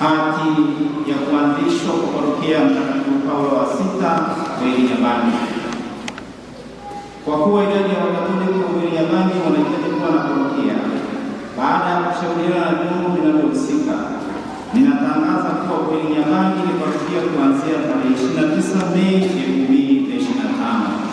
hati ya kuanzishwa kwa parokia Mtakatifu Paulo wa Sita Uelinyamani. Kwa kuwa idadi ya Wakatoliki wa Uelinyamani wanahitaji kuwa na parokia, baada ya kushauriana na vyombo vinavyohusika, ninatangaza kuwa Uelinyamani ni parokia kuanzia tarehe 29 Mei 2025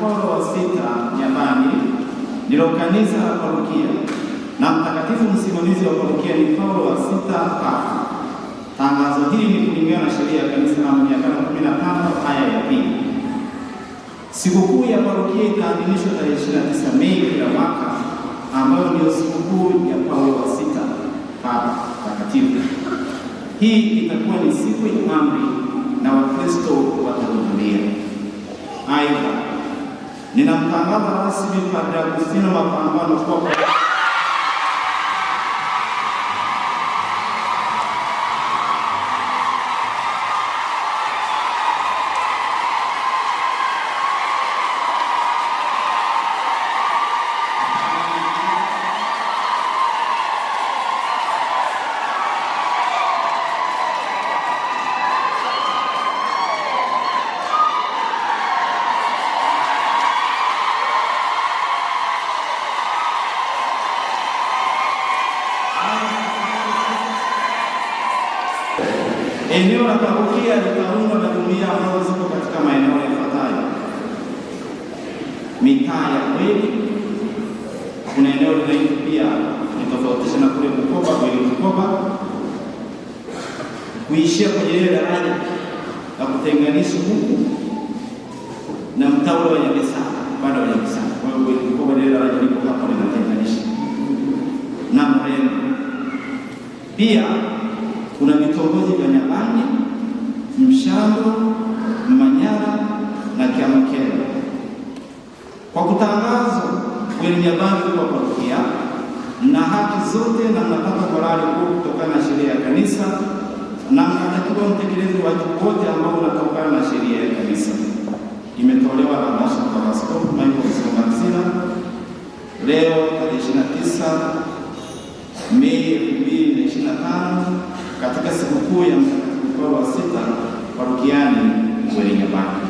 mkoro wa sita Nyamani ndilo kanisa la parokia na mtakatifu msimamizi wa parokia ni Paulo wa sita Papa. Tangazo hili ni kulingana na sheria ya kanisa namba 115 haya ya pili. Sikukuu ya parokia itaadhimishwa tarehe 29 Mei kila mwaka, ambayo ndio sikukuu ya Paulo wa sita Papa mtakatifu. Hii itakuwa ni siku ya amri na Wakristo Ninamtangaza rasmi Padre Agustino Mapambano kuwa Eneo la parokia litaundwa na jumuiya ambazo ziko katika maeneo yafuatayo: mitaa ya kweli. Kuna eneo linaitwa pia nitofautisha na kule Bukoba, kweli Bukoba kuishia kwenye ile daraja la kutenganisha huku na mtaa wa Nyagasani, upande wa Nyagasani. Kwa hiyo kweli Bukoba ile daraja liko hapo linatenganisha na Mrema. Pia kuna vitongoji vya Matambo, Manyara na Kiamakelo kwa kutangaza uenyabari kwa parokia na haki zote, na mnapata morali kuu kutokana na sheria ya kanisa, na mnatakiwa mtekelezi wajibu wote ambao unatokana na sheria ya kanisa. Imetolewa na mashaka wa Askofu Michael Somanzila leo tarehe 29 Mei 2025 katika sikukuu ya Mtakatifu Paulo wa sita tuamkiane kwenye jamani